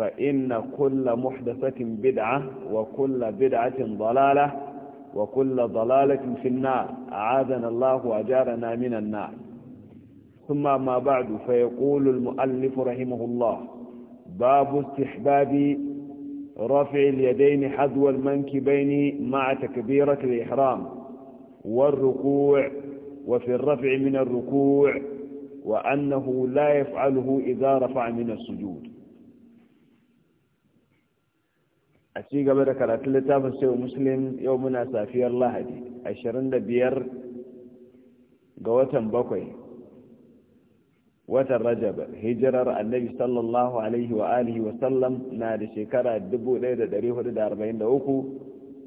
فإن كل محدثة بدعة وكل بدعة ضلالة وكل ضلالة في النار أعاذنا الله وأجارنا من النار ثم ما بعد فيقول المؤلف رحمه الله باب استحباب رفع اليدين حذو المنكبين مع تكبيرة الإحرام والركوع وفي الرفع من الركوع وأنه لا يفعله إذا رفع من السجود a ci gaba da karatun littafin sai muslim yau muna safiyar lahadi 25 ga watan bakwai watan rajab hijirar annabi sallallahu alaihi wa alihi wa sallam na da shekara 1443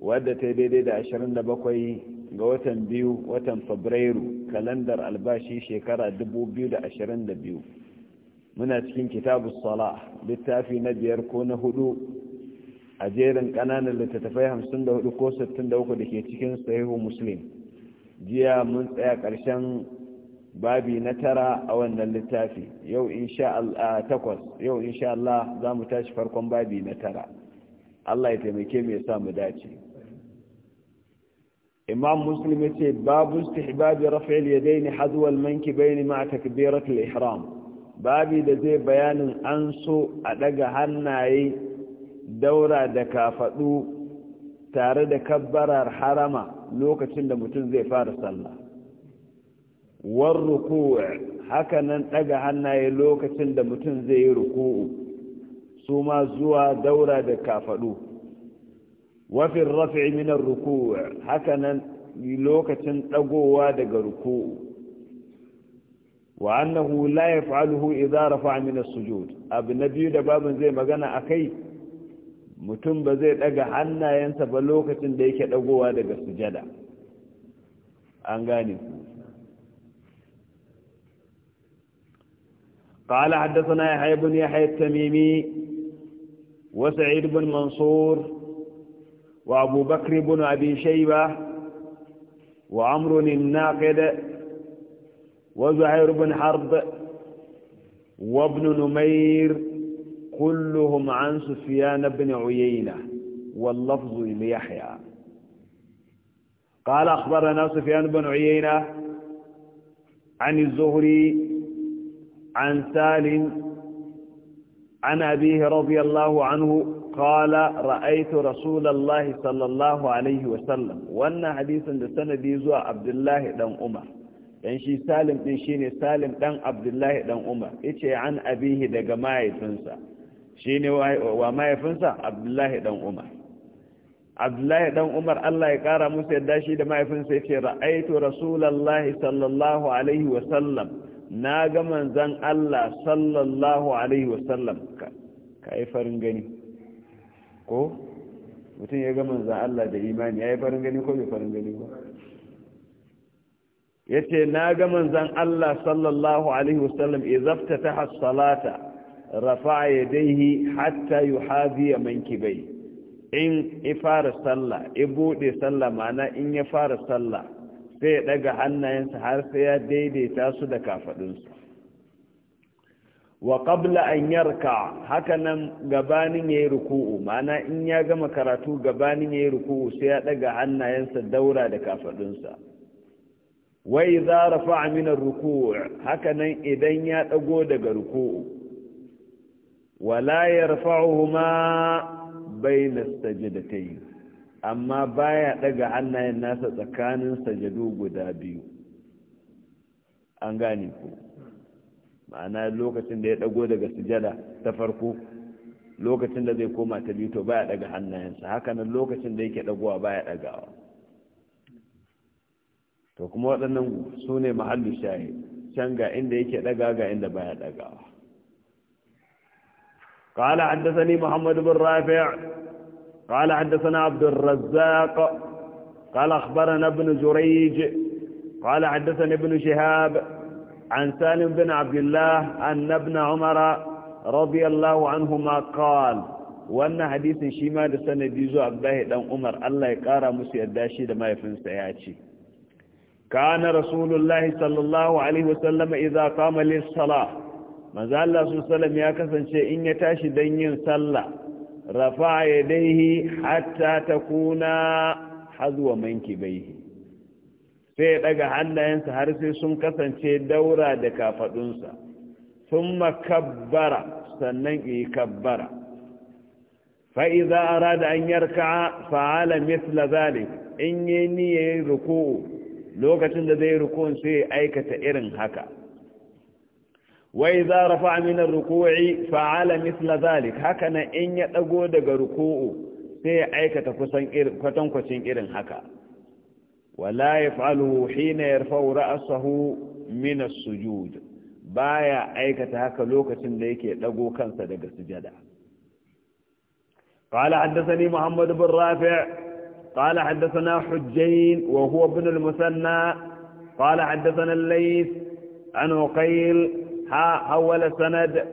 wadda ta daidai da 27 ga watan biyu watan fabrairu kalandar albashi shekara 2022 muna cikin kitabu sala littafi na biyar ko na hudu a jerin ƙananan littattafai 54 ko 63 da ke cikin sahihu muslim jiya mun tsaya ƙarshen babi na tara a wannan littafi yau insha Allah takwas yau insha Allah za mu tashi farkon babi na tara Allah ya taimake mu ya sa mu dace imam muslim ya ce babu istihbabi raf'il yadayni hadwa al-mankibayn ma'a takbiratul ihram babi da zai bayanin an so a daga hannaye daura da kafaɗu tare da kabbarar harama lokacin da mutum zai fara sallah war ruku'u haka nan ɗaga hannaye lokacin da mutum zai yi ruku'u su ma zuwa daura da kafaɗu wafin rafi minar ruku'u haka nan lokacin ɗagowa daga ruku'u wa annahu la yaf'aluhu idza rafa'a min as-sujud abu na biyu da babin zai magana a kai. mutum ba zai daga hannayensa ba lokacin da yake dagowa daga sujada an gane قال حدثنا يحيى بن يحيى التميمي وسعيد بن منصور وأبو بكر بن أبي شيبة وعمر الناقد وزهير بن حرب وابن نمير كلهم عن سفيان بن عيينة واللفظ ليحيى قال أخبرنا سفيان بن عيينة عن الزهري عن سالم عن أبيه رضي الله عنه قال رأيت رسول الله صلى الله عليه وسلم وأن حديثا لسنة ديزوى عبد الله دم أمر dan shi salim din shine salim dan abdullahi dan umar yace an abihi daga mahaifinsa shi ne wa mahaifinsa abdullahi dan umar abdullahi dan umar allah ya kara musu yadda shi da mahaifinsa ya ce ra'aitu Rasulallah sallallahu alaihi wasallam na ga manzan allah sallallahu alaihi wasallam ka yi farin gani ko mutum ya ga manzan allah da imani ya yi farin gani ko bai farin gani ba ya ce na ga manzan allah sallallahu alaihi wasallam izabta ta hassalata rafa yadaihi hatta yuhazi mankibai in ya fara sallah in bude sallah mana in ya fara sallah sai ya daga hannayensa har sai ya daidaita su da kafaɗunsa. wa qabla an yarka hakanan gabanin yayi ruku'u mana in ya gama karatu gabanin yayi ruku'u sai ya daga hannayensa daura da kafaɗunsa. Wai za a min ruku'u ruku hakanan idan ya dago daga ruku'u wala yarfa'uhuma ta yi. amma baya daga hannayen nasa tsakanin sajadu guda biyu an gane ku ma'ana lokacin da ya dago daga sujada ta farko lokacin da zai koma ta biyu to baya daga hannayensa hakanan lokacin da yake dagowa baya dagawa to kuma waɗannan su ne mahallu shahi can ga inda yake daga ga inda baya dagawa قال حدثني محمد بن رافع قال حدثنا عبد الرزاق قال أخبرنا ابن جريج قال حدثني ابن شهاب عن سالم بن عبد الله أن ابن عمر رضي الله عنهما قال وأن حديث شيما سنة ديزو عبد الله دم عمر الله يقارى مسيح الداشي لما يفن سياتي كان رسول الله صلى الله عليه وسلم إذا قام للصلاة manzo Allah su salam ya kasance in ya tashi dan yin sallah rafa yadaihi hatta takuna hazwa mankibaihi sai ya daga hannayensa har sai sun kasance daura da kafadunsa sun makabbara sannan yi kabbara fa idza arada an yarka'a fa'ala misla zalik in yi niyyar ruku'u lokacin da zai ruku'un sai aikata irin haka وإذا رفع من الركوع فعل مثل ذلك هكذا إن يتقو دق ركوع سي أيكة كتنكوشين إرن هكا ولا يفعله حين يرفع رأسه من السجود بايا أيكة هكا لوكة ديك يتقو كنسا دق السجادة قال حدثني محمد بن رافع قال حدثنا حجين وهو ابن المثنى قال حدثنا الليث عن عقيل حول سند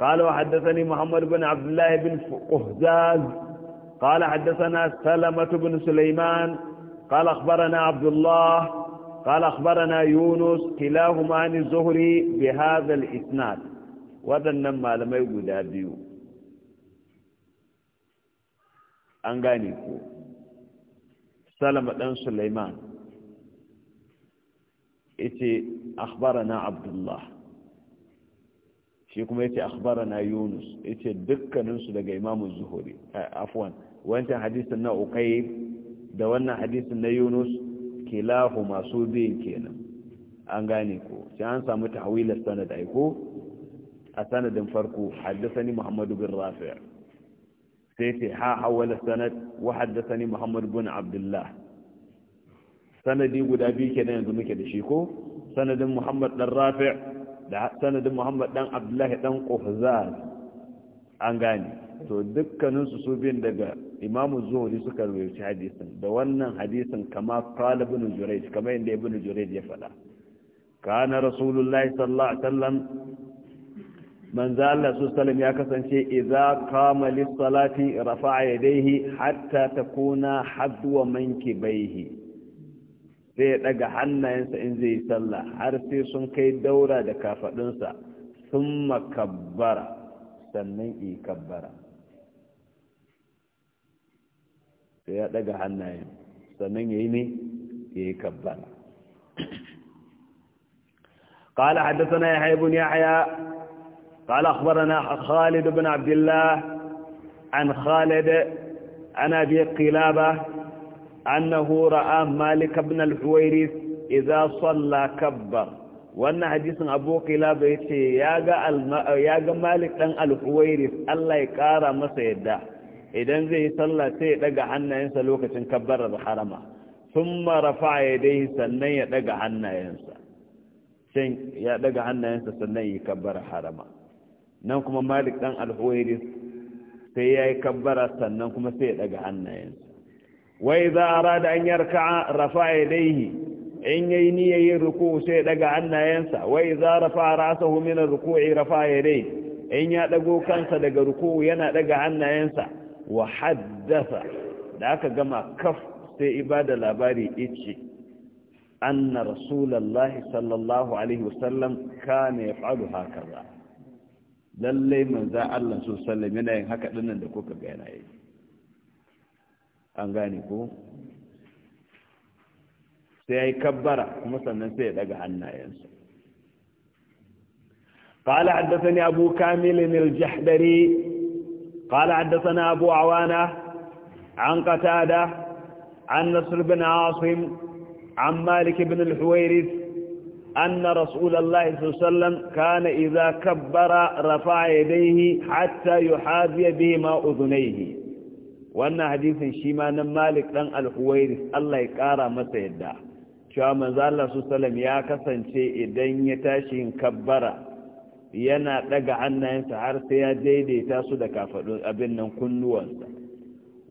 قال وحدثني محمد بن عبد الله بن قهزاز قال حدثنا سلمة بن سليمان قال أخبرنا عبد الله قال أخبرنا يونس كلاهما عن الزهري بهذا الإسناد ما لم يقول أبيو أنغانيكو سلمة بن سليمان إتي أخبرنا عبد الله shi kuma yace akhbarana yunus yace dukkanin su daga imamu zuhuri afwan wancan hadisin na uqayb da wannan hadisin na yunus kilahu masu biyin kenan an gane ko sai an samu tahwila sanad ai ko a sanadin farko haddathani Muhammadu bin rafi' sai ce ha hawala sanad wa haddathani Muhammadu bin abdullah sanadi guda biyu kenan yanzu muke da shi ko sanadin muhammad dan rafi' da sanadin muhammad dan abdullahi dan qufzan an gane to dukkaninsu su bin daga imamu zuhri suka rubuci hadisin da wannan hadisin kama qala ibn jurayj kama inda ibn jurayj ya fada kana rasulullahi sallallahu alaihi wasallam manzo Allah su sallam ya kasance idza qama lis salati rafa'a yadayhi hatta takuna hadwa mankibaihi zai daga hannayensa in zai yi sallah har sai sun kai daura da kafadunsa sun makabbara sannan yi kabbara sai ya daga hannayen sannan ya yi ne ya yi kabbara قال حدثنا يحيى بن يحيى قال أخبرنا خالد بن عبد الله عن خالد عن أبي قلابة annahu ra'a malik ibn al-huwairis idza salla kabbar wannan hadisin abu kilaba yace yaga ga malik dan al-huwairis Allah ya kara masa yadda idan zai yi sallah sai ya daga hannayensa lokacin kabbarar harama thumma rafa'a yadayhi sannan ya daga hannayensa sai ya daga hannayensa sannan ya kabbara harama nan kuma malik dan al-huwairis sai ya yi kabbara sannan kuma sai ya daga hannayensa wai za a rada an yarka rafa ya daihi in yayi niyyar yin ruku sai daga hannayensa wai za rafa rasahu min ruku'i rafa ya dai in ya dago kansa daga ruku yana daga hannayensa wa haddasa da aka gama kaf sai ibada labari ice anna rasulullahi sallallahu alaihi wasallam kana yaf'alu hakaza lallai manza Allah sallallahu alaihi wasallam yana yin haka dinnan da kuka ga yana yi angani gane ko sai ya kabbara kuma sannan sai ya daga hannayensa قال حدثني أبو كامل الجحدري قال حدثنا أبو عوانة عن قتادة عن نصر بن عاصم عن مالك بن الحويرث أن رسول الله صلى الله عليه وسلم كان إذا كبر رفع يديه حتى يحاذي بهما أذنيه wannan hadisin shi ma nan malik dan alhuwairis allah ya kara masa yadda cewa manzo su salam ya kasance idan ya tashi yin kabbara yana daga hannayensa har sai ya daidaita su da kafadun abin nan kunnuwansa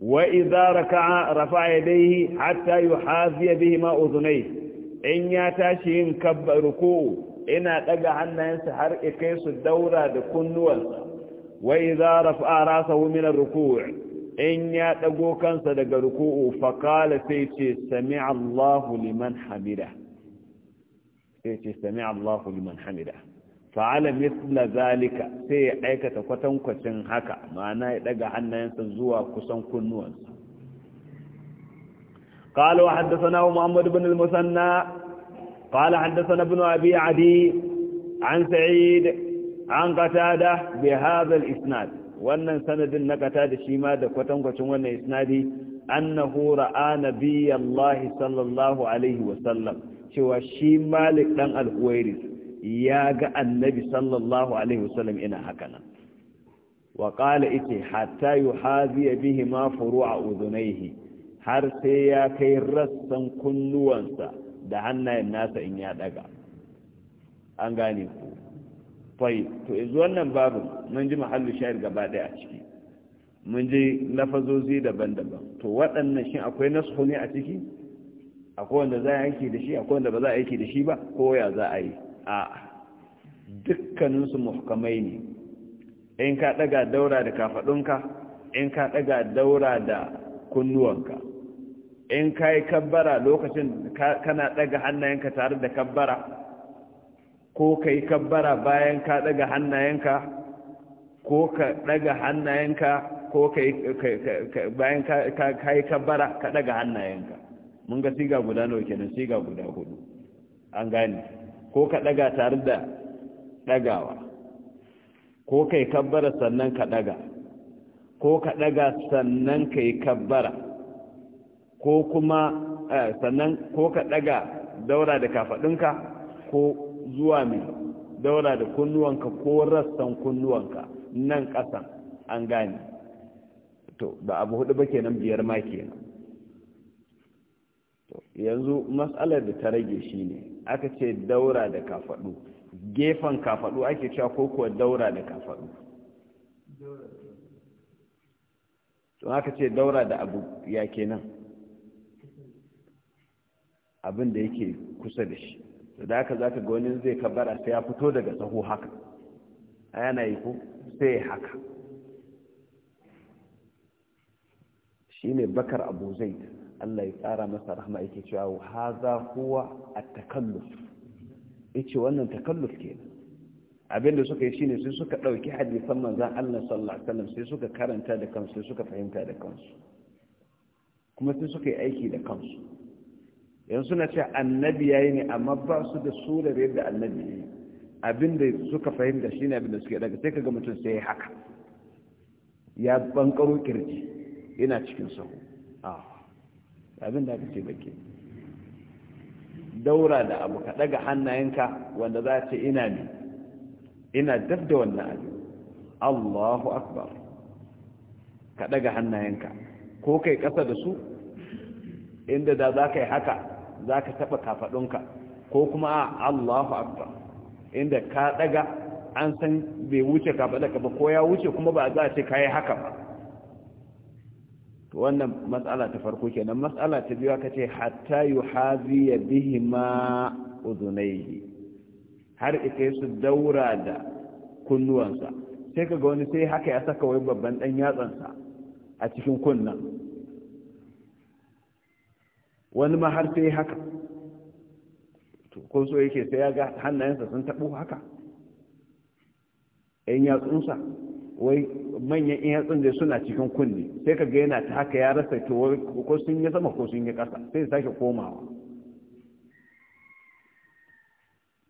wa idza raka'a rafa yadayhi hatta yuhaziya bihi ma udhunayhi in ya tashi yin kabbaruku ina daga hannayensa har ya kai su daura da kunnuwansa wa idza rafa'a rasahu min ar-ruku' in ya ɗago kansa daga ruku'u faƙala sai ce sami Allahu liman hamida sai ce sami Allahu liman hamida fa'ala misla zalika sai ya aikata kwatankwacin haka ma'ana ya ɗaga hannayensa zuwa kusan kunnuwansa قال وحدثنا محمد بن المثنى قال حدثنا ابن أبي عدي عن سعيد عن قتادة بهذا الإسناد wannan sanadin na kata da shi ma da kwatankwacin wannan isnadi annahu ra'a nabiyallahi sallallahu alaihi wa sallam cewa shi malik dan al-huwairis ya ga annabi sallallahu alaihi wa sallam ina haka nan wa qala ite hatta yuhazi bihi ma furu'a udunaihi har sai ya kai rassan kunnuwansa da hannayen nasa in ya daga an gane ku fai to yanzu wannan babin mun ji mahallu shayar gaba daya a ciki mun ji lafazozi daban-daban to waɗannan shi akwai nasu ne a ciki akwai wanda za a yanki da shi akwai wanda ba za a yanki da shi ba ko ya za a yi a dukkaninsu muhkamai ne in ka ɗaga daura da kafaɗunka in ka ɗaga daura da kunnuwanka in ka yi kabbara lokacin kana ɗaga hannayenka tare da kabbara ko ka yi kabbara bayan ka ɗaga hannayenka ko ka ɗaga hannayenka ko ka yi bayan ka yi kabbara ka ɗaga hannayenka mun ga siga guda nawa kenan siga guda hudu an gane ko ka ɗaga tare da ɗagawa ko ka yi kabbara sannan ka ɗaga ko ka ɗaga sannan ka yi kabbara ko kuma eh, sannan ko ka ɗaga daura da kafaɗinka ko zuwa mai daura da kunnuwanka ko rassan kunnuwanka nan ƙasa an gane to ba abu hudu ba kenan biyar ma kenan yanzu matsalar da ta rage shi ne aka ce daura da kafaɗu gefen kafaɗu ake cewa ko kuwa daura da kafaɗu to aka ce daura da abu ya kenan abin da yake kusa da shi da aka za ka ga wani zai kabara sai ya fito daga tsaho haka a yana yi ku sai haka shi ne bakar abu zai allah ya tsara masa rahama yake cewa za kuwa a takalluf ce wannan takalluf ke abinda suka yi shi ne sai suka ɗauki hadisan manzan allah sallallahu sai suka karanta da kansu sai suka fahimta da kansu kuma sai suka yi aiki da kansu yanzu suna ce annabi yayi ne amma ba su da surar yadda annabi yayi abinda suka fahimta shi shine abinda suke daga sai kaga mutum sai haka ya bankaro kirji yana cikin sahu abinda aka ce baki daura da abu ka daga hannayenka wanda za ce ina ne ina daf da wannan abin Allahu akbar ka daga hannayenka ko kai kasa da su inda da za ka yi haka za ka taɓa kafaɗunka ko kuma a allahu akbar inda ka ɗaga an san bai wuce kafaɗaka ba ko ya wuce kuma ba za a ce ka yi haka ba wannan matsala ta farko kenan matsala ta biyu aka ce hatta yi ya bihi ma uzunai har ita su daura da kunnuwansa sai ka ga wani sai haka ya saka wai babban ɗan yatsansa a cikin kunnan wani ma har sai haka ko so yake sai ya ga hannayensa sun taɓo haka yan yatsunsa wai manyan yan yatsun da suna cikin kunne sai ka ga yana ta haka ya rasa to ko sun yi sama ko sun yi ƙasa sai ya sake komawa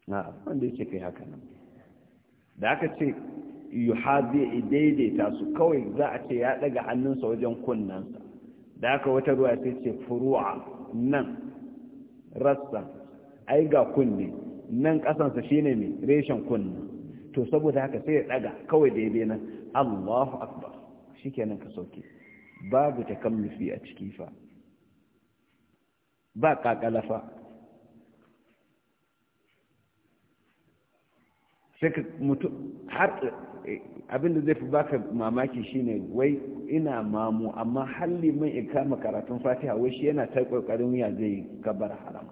na wanda yake kai haka nan da aka ce yuhazi daidaita su kawai za a ce ya daga hannunsa wajen kunnansa da aka wata ruwa sai ce furu'a nan rassa ai ga kunne nan kasansa shine mai reshen kunne to saboda haka sai ya daga kawai daidai nan Allahu akbar shikenan ka sauke babu takammufi a ciki fa ba kakalafa sai ka mutu har abinda zai fi baka mamaki shine wai ina mamu amma halli mai in kama karatun fatiha wai shi yana ta kokarin ya zai gabar haram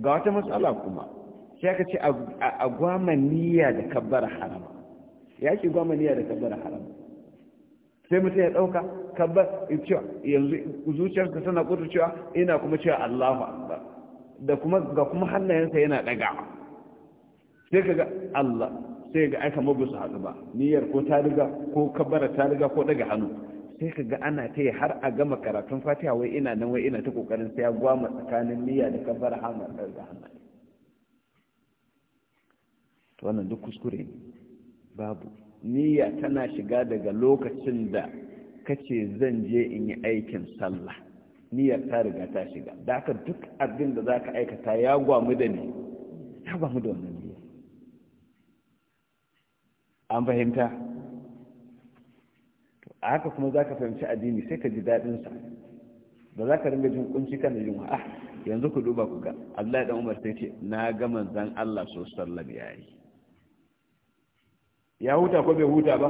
ga wata matsala kuma sai aka ce a gwama niyya da kabbar haram ya ce gwama niyya da kabbar haram sai mutum ya ɗauka kabbar cewa yanzu zuciyarsa tana kuta cewa ina kuma cewa allahu akbar da kuma ga kuma hannayensa yana ɗagawa sai ka ga allah sai ga aika mabu su haɗu ba niyyar ko ta riga ko kabara ta riga ko daga hannu sai ka ga ana ta yi har a gama karatun fatiha wai ina nan wai ina ta kokarin sai ya gwama tsakanin niyya da kabara hamar daga hannu to wannan duk kuskure ne babu niyya tana shiga daga lokacin da kace zan je in yi aikin sallah niyyar ta riga ta shiga da duk abin da zaka aikata ya gwamu da ne ya gwamu da wannan an fahimta a haka kuma za ka fahimci addini sai ka ji daɗinsa ba za ka ringa jin kunci kan jin wa ah, yanzu ku duba ku ga Allah dan Umar sai ce na ga manzan Allah so sallam yayi ya huta ko bai huta ba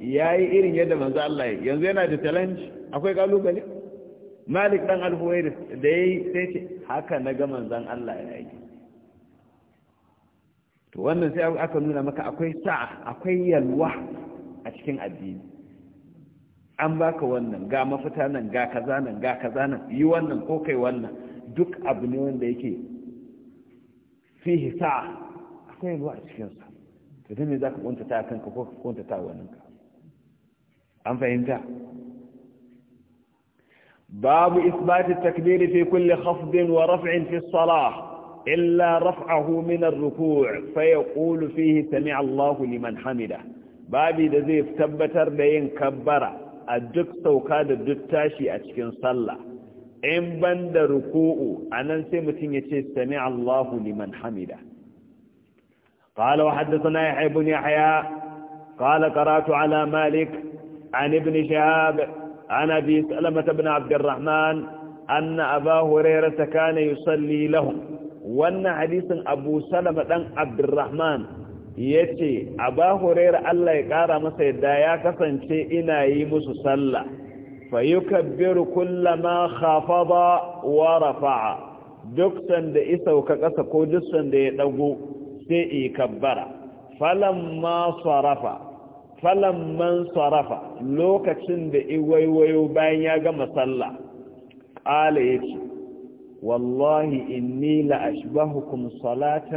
yayi irin yadda manzan Allah yayi yanzu yana da challenge akwai kalubale Malik dan Al-Huwairis da yayi sai ce haka na ga manzan Allah yayi to wannan sai aka nuna maka akwai sa'a akwai yalwa a cikin addini an baka wannan ga mafita nan ga kaza nan ga kaza nan yi wannan ko kai wannan duk abu ne wanda yake fihi sa'a akwai yalwa a cikinsa to dan ne za ka ta kanka ko ka ta wannan ka an fahimta babu isbati takbiri fi kulli khafdin wa raf'in fi salah إلا رفعه من الركوع فيقول فيه سمع الله لمن حمده بابي دزيف تبتر بين كبرة الدك سوكاد a duk sauka إن بند tashi a cikin sallah in سمع الله لمن حمده قال وحدثنا يحيى بن يحيى قال قرات على مالك عن ابن شهاب عن ابي سلمة بن عبد الرحمن أن أبا هريرة كان يصلي لهم wannan hadisin abu salama dan abdurrahman ya ce ba hurairu allah ya kara masa yadda ya kasance ina yi musu sallah fa yi kabbiru kullama khafada wa rafa'a duk sanda ka kasa ko duk sanda ya ɗago sai i kabbara falamma sarafa falamman sarafa lokacin da iwaiwayo bayan ya gama sallah ƙala ya ce والله إني لأشبهكم صلاة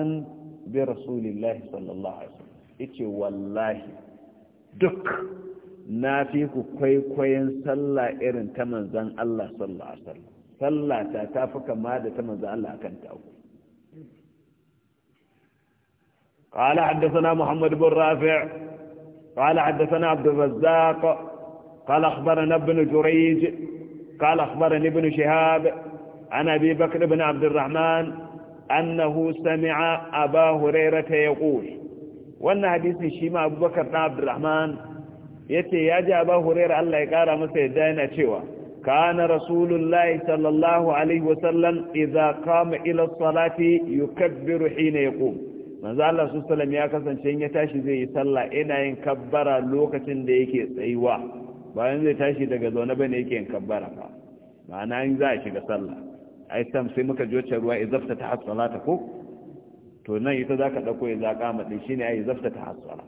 برسول الله صلى الله عليه وسلم إتي والله دك نافيك كوي كوي صلى إرن تمن زن الله صلى الله عليه وسلم صلى تاتافك ماذا تمن زن الله كنت قال حدثنا محمد بن رافع قال حدثنا عبد الرزاق قال أخبرنا ابن جريج قال أخبرنا ابن شهاب عن أبي بكر بن عبد الرحمن أنه سمع أبا هريرة يقول وأن حديث شيما أبو بكر بن عبد الرحمن يتي ياجي أبا هريرة الله يقارى مسيدين شوى كان رسول الله صلى الله عليه وسلم إذا قام إلى الصلاة يكبر حين يقوم manzo Allah su sallam ya kasance ya tashi zai yi sallah ina yin kabbara lokacin da yake tsayuwa bayan zai tashi daga zaune bane yake yin kabbara fa ma'ana in za a shiga sallah ai sam sai muka ji wacce ruwa izafta ta ta ko to nan ita za ka ɗauko ya zaƙa maɗin shi ne ai izafta ta hasala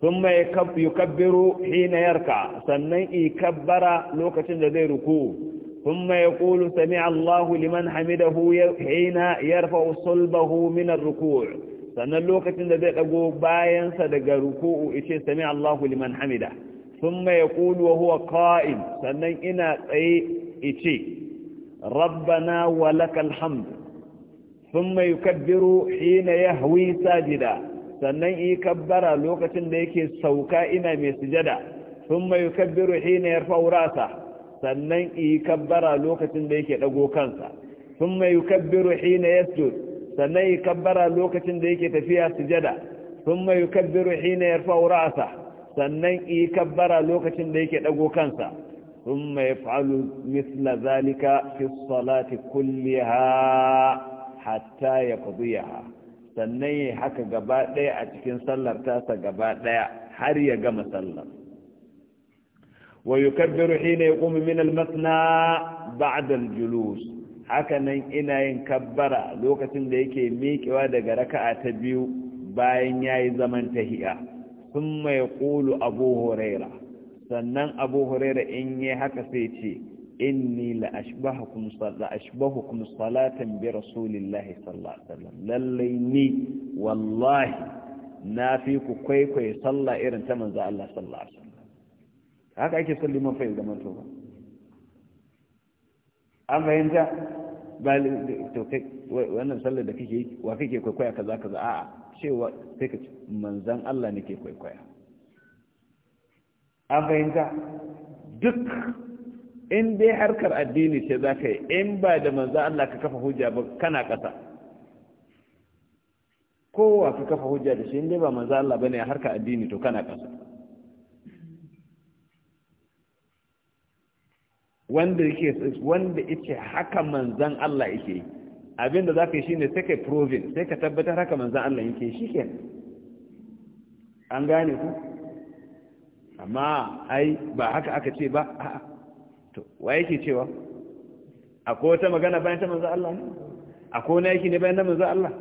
sun mai yukabbiru hina yarka sannan ikabbara lokacin da zai ruku sun mai kulu sami allahu liman hamidahu hina yarfa sulbahu minar ruku sannan lokacin da zai ɗago bayansa daga ruku'u ice sami allahu liman hamida sun mai kulu wa huwa ka'in sannan ina tsaye ice ربنا ولك الحمد ثم يكبر حين يهوي ساجدا sannan yi kabbara lokacin da yake sauka ina mai sujada sun mai kabbiru na ya faurasa sannan yi kabbara lokacin da yake dago kansa sun mai kabbiru na ya sannan yi kabbara lokacin da yake tafiya sujada sun mai kabbiru na ya faurasa sannan yi kabbara lokacin da yake dago kansa ثم يفعل مثل ذلك في الصلاة كلها حتى يقضيها sannan haka gaba a cikin sallar tasa gaba ɗaya har ya gama sallar wa yukabbiru hina yaqumu min al-masna julus haka nan ina yin kabbara lokacin da yake miƙewa daga raka'a ta biyu bayan yayi zaman tahiya thumma yaqulu abu hurairah sannan abu huraira in yi haka sai ce inni la'ashbahukum salatan bi rasulillahi sallallahu alaihi wasallam lallai ni wallahi na fi ku kwaikwaye sallah irin ta manzo Allah sallallahu alaihi wasallam haka ake salli man fa'il zaman to ba an fahimta ba to kai wannan sallar da kake yi wa kake kwaikwaya kaza kaza a'a cewa sai ka manzan Allah nake kwaikwaya an fahimta duk in dai harkar addini ce za ka yi in ba da manzo Allah ka kafa hujja ba kana ƙasa kowa ka kafa hujja da shi in dai ba manzo Allah ba ne a harkar addini to kana ƙasa wanda yake wanda yake haka manzan Allah yake yi abinda za ka yi shi ne sai ka yi proving sai ka tabbatar haka manzan Allah yake shi ke an gane ku amma ai ba haka aka ce ba a'a to wa yake cewa akwai wata magana bayan ta manzan Allah ne akwai na yake ne bayan ta manzan Allah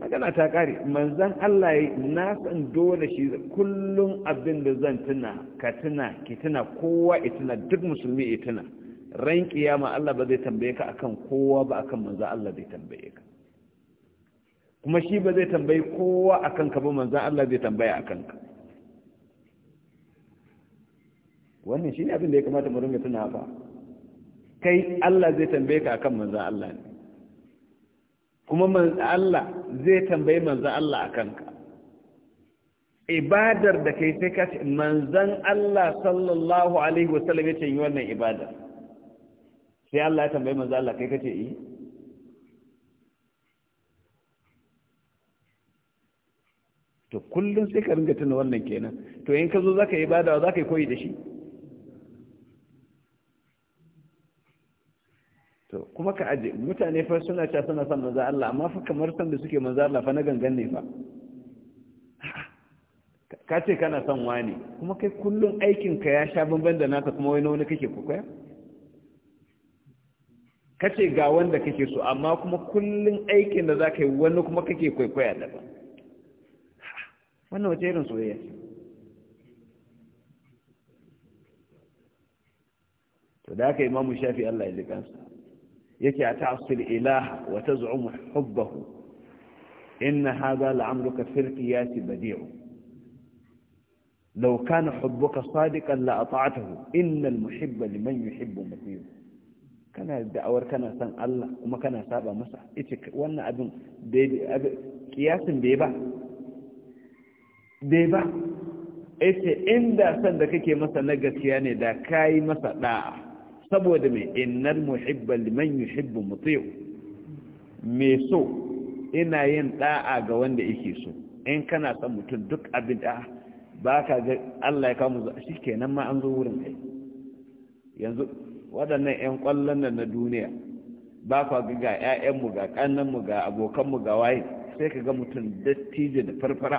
magana ta kare manzan Allah ya na san dole shi kullum abin da zan tuna ka tuna ki tuna kowa ya tuna duk musulmi ya tuna ran kiyama Allah ba zai tambaye ka akan kowa ba akan manzan Allah zai tambaye ka kuma shi ba zai tambayi kowa akan ka ba manzan Allah zai tambaya akan ka wannan shi ne abin da ya kamata mu ringa tuna fa kai Allah zai tambaye ka akan manzo Allah ne kuma manzo Allah zai tambaye manzo Allah akan ka ibadar da kai sai ka ce manzon Allah sallallahu alaihi wasallam ya ce yi wannan ibadar sai Allah ya tambaye manzo Allah kai kace yi eh? to kullum sai ka ringa tuna wannan kenan to in ka zo zaka yi ibada zaka yi koyi da shi to kuma ka aje mutane fa suna cewa suna son manzo Allah amma fa kamar san da suke manzo Allah fa na gangan ne fa ka ce kana son wani kuma kai kullun aikin ka ya sha banban da naka kuma wani wani kake kokoya ka ce ga wanda kake so amma kuma kullun aikin da zaka yi wani kuma kake kokoya ba. wannan wace irin soyayya ce to da haka imamu shafi Allah ya ji kansa yake a ta'assul ilaha wa taz'umu hubbahu inna hadha la'amruka fil qiyas badi'u law kana hubbuka sadiqan la ata'tahu innal muhibba liman yuhibbu mutiu kana da'awar kana san Allah kuma kana saba masa ita wannan abin kiyasin bai ba bai ba ita inda san da kake masa na gaskiya ne da kayi masa da'a saboda mai innal muhibba liman yuhibbu muti'u me so ina yin da'a ga wanda yake so in kana son mutum duk abin da ba ka ga Allah ya kawo shi kenan ma an zo wurin kai yanzu waɗannan 'yan ƙwallon nan na duniya ba ka ga ga 'ya'yanmu ga ƙannanmu ga abokanmu ga waye sai ka ga mutum dattijo da farfara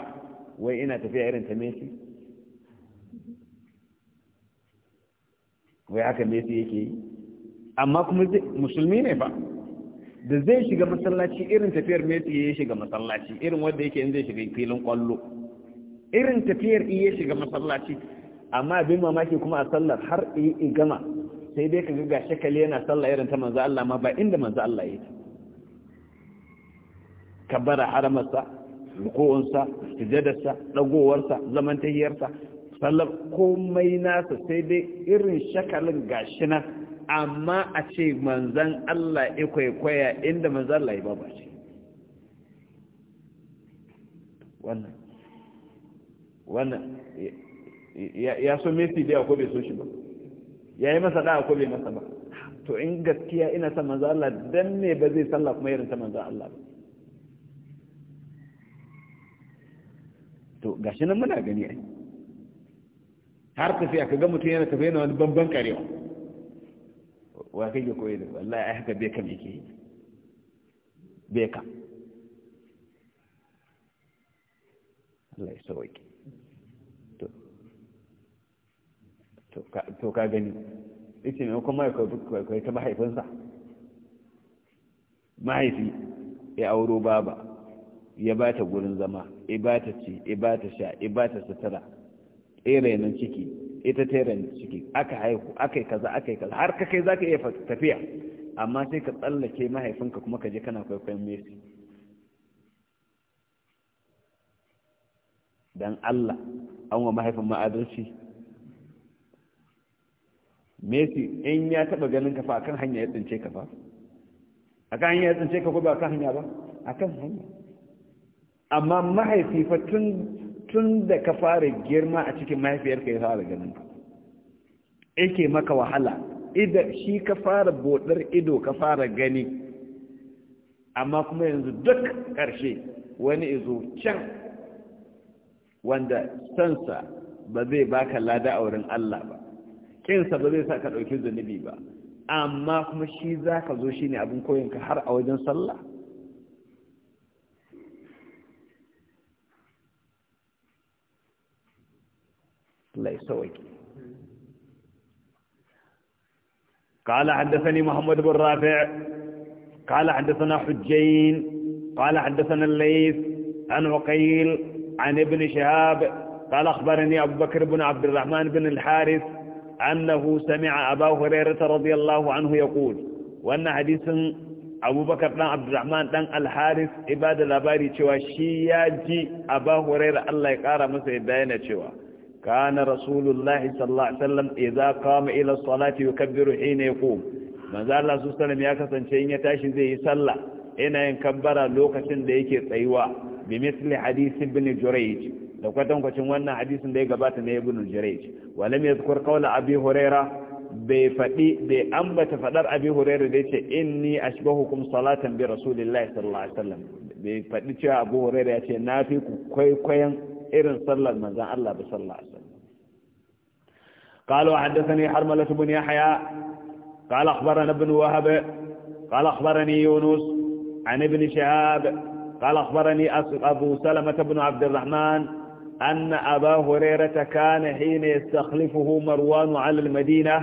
wai ina tafiya irin ta messi wai haka ne yake yi amma kuma musulmi ne ba da zai shiga masallaci irin tafiyar Messi ya shiga masallaci irin wanda yake in zai shiga filin kwallo irin tafiyar iya shiga masallaci amma abin mamaki kuma a sallar har iya gama sai dai ka ga shakali yana sallar irin ta manzu Allah ma ba inda manzu Allah yake kabbara haramarsa ruku'unsa sujadarsa ɗagowarsa zaman tahiyarsa sallam komai nasa sai dai irin shakalin gashi na amma a ce manzan Allah ya kwaikwaya inda manzan Allah ya baba ce wannan wannan ya so messi da ko bai so shi ba ya yi masa da ko bai masa ba to in gaskiya ina san manzan Allah dan me ba zai sallah kuma irin ta manzan Allah ba to gashi nan muna gani ai har sai ka ga mutum yana tafiya na wani bambam karewa wa kai ga koyi da wallahi ai haka bai kam yake bai kam Allah ya sauke to to ka gani ita ne kuma kai ta mahaifinsa mahaifi ya auro baba ya ba ta gurin zama ibata ci ibata sha ibata sutura Eh, renon ciki ita ta renon ciki aka haihu aka yi kaza aka yi kaza har ka kai za ka iya tafiya amma sai ka tsallake mahaifinka kuma ka je kana kwaikwayon messi don allah an wa mahaifin ma'adarci messi in ya taba ganin kafa akan hanya ya tsince kafa akan hanya ya tsince kafa ba akan hanya ba akan hanya amma mahaifi fa tun tun da ka fara girma a cikin mahaifiyarka ya fara ganin yake maka wahala ida shi ka fara bodar ido ka fara gani amma kuma yanzu duk ƙarshe wani izo can wanda sansa ba zai baka lada a wurin Allah ba kinsa ba zai sa ka ɗauki zunubi ba amma kuma shi za ka zo shi ne abin koyinka har a wajen sallah الله يسويك قال حدثني محمد بن رافع قال حدثنا حجين قال حدثنا الليث عن عقيل عن ابن شهاب قال أخبرني أبو بكر بن عبد الرحمن بن الحارث أنه سمع أبا هريرة رضي الله عنه يقول وأن حديث أبو بكر بن عبد الرحمن بن الحارث إباد الأباري شوى شياجي أبا هريرة الله يقارى بين شوى كان رسول الله صلى الله عليه وسلم إذا قام إلى الصلاة يكبر حين يقوم من ذا الله سبحانه وتعالى يكسن شيء يتاشي زي يسلى إنا ينكبر لوكة ديك الطيوة بمثل حديث ابن جريج لو كتن كتن وانا حديث ديك باتنا ابن جريج ولم يذكر قول أبي هريرة bai faɗi bai ambata faɗar abi hurairu da yace inni ashbahukum salatan bi rasulillahi sallallahu alaihi wasallam bai faɗi cewa abu hurairu ya ce na fi ku kwaikwayon irin sallar manzon Allah ba sallallahu قال وحدثني حرملة بن يحيى قال أخبرنا ابن وهب قال أخبرني يونس عن ابن شهاب قال أخبرني أبو سلمة بن عبد الرحمن أن أبا هريرة كان حين يستخلفه مروان على المدينة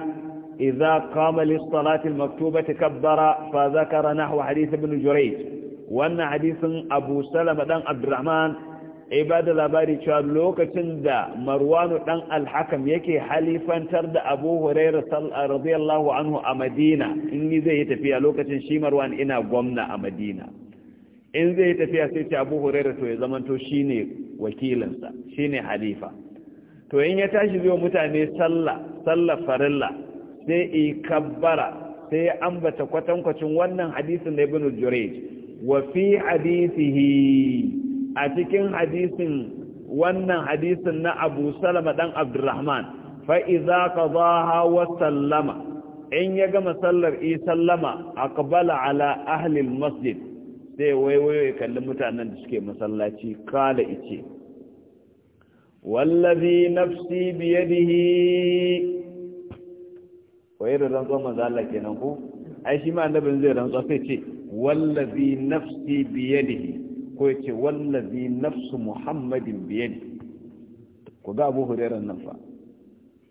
إذا قام للصلاة المكتوبة كبر فذكر نحو حديث ابن جريج وأن حديث أبو سلمة بن عبد الرحمن ya ba da labari cewa lokacin da marwanu ɗan alhakam yake halifantar da abu hurairu radiyallahu anhu a madina in yi zai yi tafiya lokacin shi marwan ina gwamna a madina in zai yi tafiya sai ce abu hurairu to ya zamanto shi ne wakilinsa shi ne halifa to in ya tashi zai mutane sallah sallah farilla sai i kabbara sai ya ambata kwatankwacin wannan hadisin na ibn jurej wa fi hadisihi a cikin hadisin wannan hadisin na abu salama ɗan abdurrahman fa'iza ka zaha wa sallama in ya gama sallar i sallama a kabala ala ahlil masjid sai wai wai kalli mutanen da suke masallaci kala ice wallazi nafsi biyadihi wai da rantsuwa maza Allah kenan ko ai shi ma annabin zai rantsuwa sai ce wallazi nafsi biyadihi ko ya ce wallazi nafsu muhammadin biyadi ku ga abu hurairar nan fa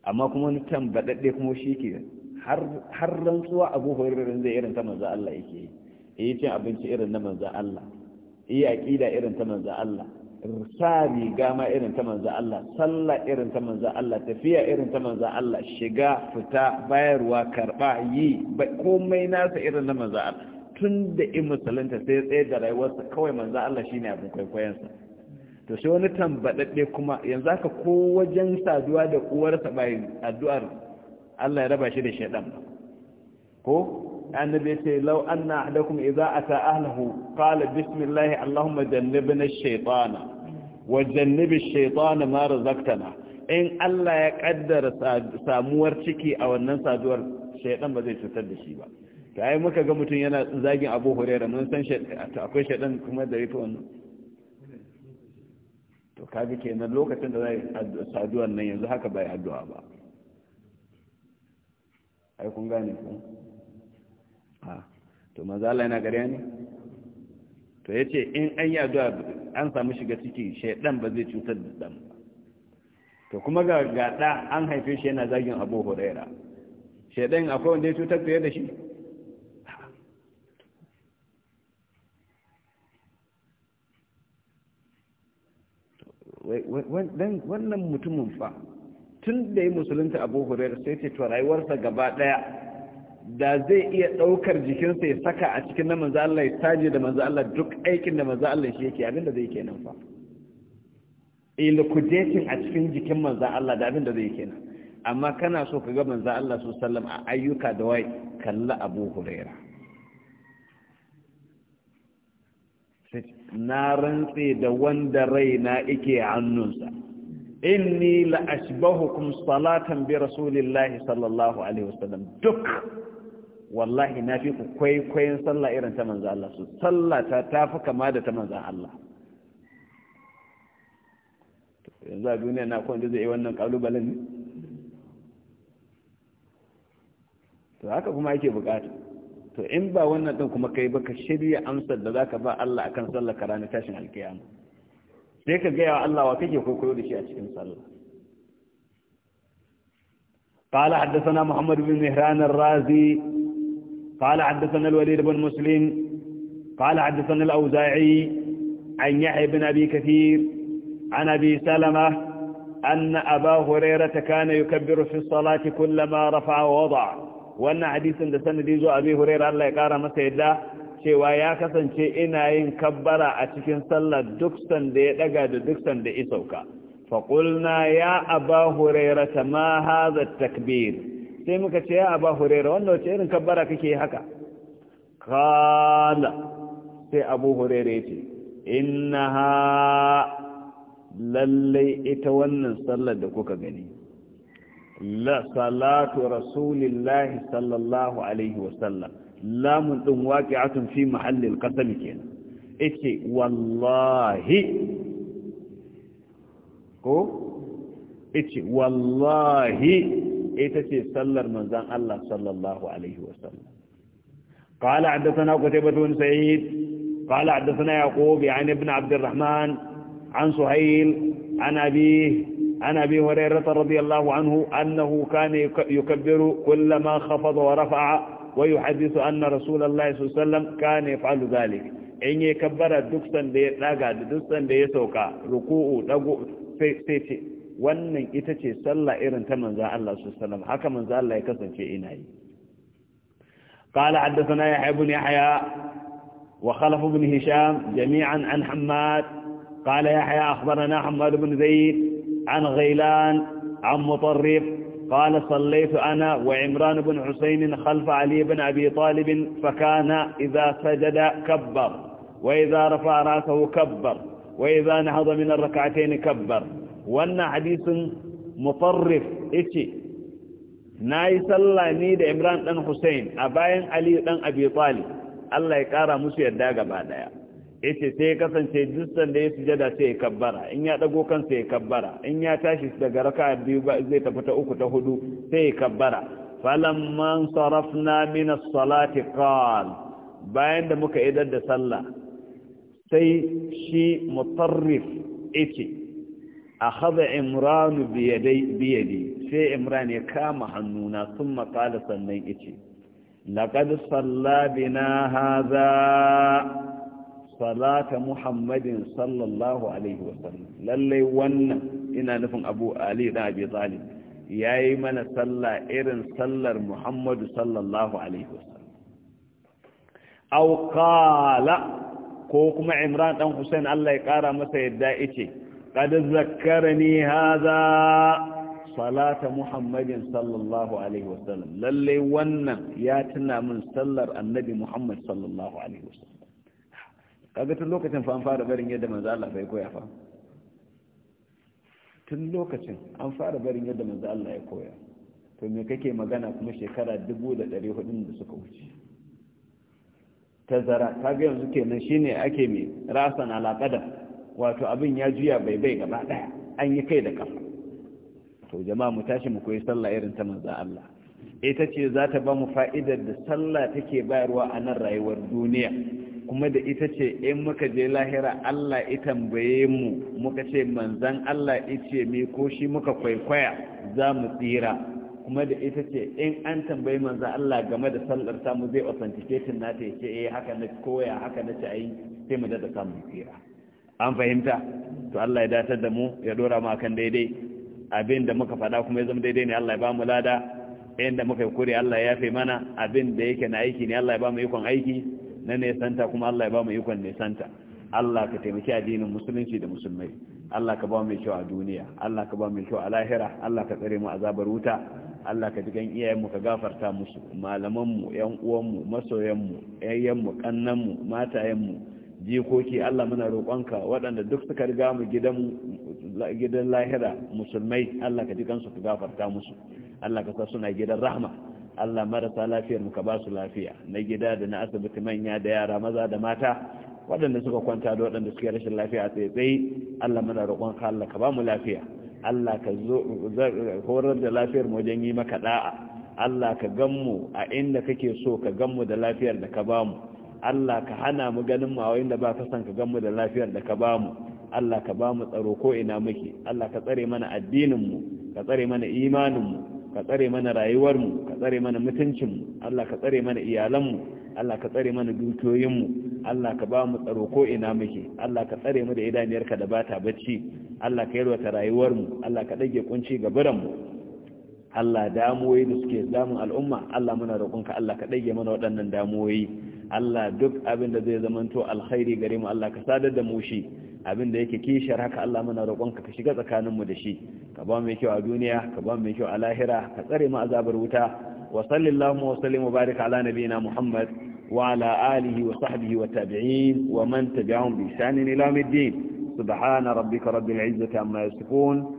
amma kuma wani can baɗaɗɗe kuma shi ke har rantsuwa abu hurairar zai irin ta manzo Allah yake yi yi cin abinci irin na manza Allah yi aƙida irin ta manzo Allah sa riga irin ta manzo Allah sallah irin ta manzo Allah tafiya irin ta manzo Allah shiga fita bayarwa karɓa yi komai nasa irin na manzo Allah tun da in musulunta sai tsaye da rayuwarsa kawai manzan Allah shi ne abin kwaikwayonsa to shi wani tambaɗaɗɗe kuma yanzu haka ko wajen saduwa da uwarsa bai addu'ar Allah ya raba shi da shaidan ba ko annabi ce haɗa kuma iza a ta ahlihi kala bismillahi allahumma jannibna na shaitana. wa jannibi shaitana ma in Allah ya kaddara samuwar ciki a wannan saduwar shaiɗan, ba zai cutar da shi ba ta yi muka ga mutum yana zagin abu hurera mun san akwai shaɗan kuma da rufe wannan to ke nan lokacin da za yi saduwan nan yanzu haka bai addu'a ba ai kun gane ku ha to mazala yana gariya ne to ya ce in an yi addu'a an samu shiga ciki shaɗan ba zai cutar da ɗan ba to kuma ga ɗa an haife shi yana zagin abu huraira shaɗan akwai wanda ya cutar fiye da shi wannan mutumin fa tun da ya musulunta abu hurairu sai ce to rayuwarsa gaba daya da zai iya daukar jikinsa ya saka a cikin na manzo Allah ya taje da manzo Allah duk aikin da manzo Allah shi yake abinda zai kenan fa e, ilkudetin a cikin jikin manzo Allah da abinda zai kenan amma kana so ka ga manzo Allah sallallahu alaihi wasallam a ayyuka da wai kalla abu hurairu na rantse da wanda raina ike hannunsa inni la ashbahukum salatan bi rasulillahi sallallahu alaihi wasallam duk wallahi na fi ku kwaikwayon sallah irin ta manzo Allah su sallah ta tafi kama da ta manzo Allah yanzu a duniya na kwanda zai yi wannan kalubalen ne to haka kuma ake bukata to in ba wannan din kuma kai baka shirye amsar da zaka ba Allah akan sallar karani tashin alkiyama sai ka ga wa Allah wa kake kokoyo da shi a cikin sallah قال حدثنا محمد بن مهران الرازي قال حدثنا الوليد بن مسلم قال حدثنا الأوزاعي عن يحيى بن أبي كثير عن أبي سلمة أن أبا هريرة كان يكبر في الصلاة كلما رفع ووضع wannan hadisin da sanadi zuwa abi huraira Allah ya kara masa yadda cewa ya kasance ina yin kabbara a cikin sallar duk sanda ya daga da duk sanda ya sauka fa qulna ya aba huraira ma hadha takbir sai muka ce ya aba huraira wannan ce irin kabbara kake haka qala sai abu huraira yace innaha lalle ita wannan sallar da kuka gani la salatu rasulillahi sallallahu alaihi wasallam lamun din waqi'atun fi mahallil qasam kenan yace wallahi ko yace wallahi ita ce sallar manzon Allah sallallahu alaihi wasallam قال حدثنا قتيبة بن سعيد قال حدثنا يعقوب عن ابن عبد الرحمن عن سهيل عن أبيه عن أبي هريرة رضي الله عنه أنه كان يكبر كلما خفض ورفع ويحدث أن رسول الله صلى الله عليه وسلم كان يفعل ذلك إن يكبر دكسا بيطلاقا دكسا بيسوكا ركوء لقوء في سيتي وأن يتشي صلى ايرن تمن ذا الله صلى الله عليه وسلم حكا من ذا الله يكسر في إنهي قال حدثنا يحيى بن يحيى وخلف بن هشام جميعا عن حماد قال يحيى أخبرنا حماد بن زيد عن غيلان عن مطرف قال صليت أنا وعمران بن حسين خلف علي بن أبي طالب فكان إذا سجد كبر وإذا رفع رأسه كبر وإذا نهض من الركعتين كبر وأن حديث مطرف إيشي ناي صلى نيد عمران بن حسين أباين علي بن أبي طالب الله يكارى مسيح داقة بعد yace sai ya kasance duk da ya sujada sai ya kabbara in ya dago kansa ya kabbara in ya tashi daga raka biyu ba zai tafi ta uku ta hudu sai ya kabbara falamman sarafna min as-salati qal bayan da muka idar da sallah sai shi mutarrif yace akhadha imran bi yadi bi yadi sai imran ya kama hannuna thumma qala sannan yace laqad sallabina hadha salata muhammadin sallallahu alaihi wasallam lallai wannan ina nufin abu ali da abi talib ya yi mana sallah irin sallar muhammadu sallallahu alaihi wasallam auƙala ko kuma imran dan hussein allah ya ƙara masa yadda ice ƙadar zakara ne haza salata muhammadin sallallahu alaihi wasallam lallai wannan ya tuna min sallar annabi muhammad sallallahu alaihi wasallam kaga tun lokacin fa an fara barin yadda manzo Allah bai koya fa tun lokacin an fara barin yadda manzo Allah ya koya to me kake magana kuma shekara 1400 da suka wuce tazara kaga yanzu kenan shine ake mai rasan alaqada wato abin ya juya bai bai gaba daya an yi kai da kafa to jama'a mu tashi mu koyi sallah irin ta manzo Allah ita ce za ta ba mu fa'idar da sallah take bayarwa a nan rayuwar duniya kuma da ita ce in muka je lahira Allah ya tambaye mu muka ce manzan Allah ce, me ko shi muka kwaikwaya za mu tsira kuma da ita ce in an tambaye manzan Allah game da sallar samu zai authenticating nata ya ce eh haka na koya haka na ci ayi sai mu da samu tsira an fahimta to Allah ya datar da mu ya dora mu akan daidai abin da muka faɗa kuma ya zama daidai ne Allah ya ba mu lada da muka yi kure Allah ya yafe mana abin da yake na aiki ne Allah ya ba mu ikon aiki na nesanta kuma Allah ya ba mu ikon nesanta Allah ka taimaki addinin musulunci da musulmai Allah ka ba mu kyau a duniya Allah ka ba mu kyau a lahira Allah ka tsare mu azabar wuta Allah ka jigan iyayenmu ka gafarta musu mu yan uwanmu masoyanmu mu kannanmu matayenmu jikoki Allah muna roƙonka waɗanda duk suka riga mu gidan gidan lahira musulmai Allah ka jigan su ka gafarta musu Allah ka sa suna gidan rahma Allah marasa lafiyar mu ka ba su lafiya na gida da na asibiti manya da yara maza da mata waɗanda suka kwanta da waɗanda suke rashin lafiya a tsaye Allah muna roƙon ka Allah ka ba mu lafiya Allah ka horar da lafiyar mu wajen yi maka da'a Allah ka gan mu a inda kake so ka gan mu da lafiyar da ka ba mu Allah ka hana mu ganin mu a inda ba ka son ka gan mu da lafiyar da ka ba mu Allah ka ba mu tsaro ko ina muke Allah ka tsare mana addinin mu ka tsare mana imanin mu ka tsare mana rayuwarmu ka tsare mana mutuncinmu Allah ka tsare mana iyalanmu Allah ka tsare mana dukiyoyinmu Allah ka ba mu tsaro ko ina muke Allah ka tsare mu da idaniyarka da bata bacci Allah ka yarwata rayuwarmu Allah ka dage kunci ga biranmu Allah damuwoyi da suke damun al'umma Allah muna roƙonka Allah ka dage mana waɗannan damuwoyi Allah duk abin da zai zamanto alkhairi gare mu Allah ka sadar da mu shi abin da yake kishar haka Allah muna roƙonka ka shiga tsakanin mu da shi ka ba mu kyau a duniya ka ba mu kyau a lahira ka tsare mu azabar wuta wa sallallahu wa sallim wa barika ala nabiyina Muhammad wa ala alihi wa sahbihi wa tabi'in wa man tabi'ahum bi ihsan ila yawmiddin subhana rabbika rabbil izzati amma yasifun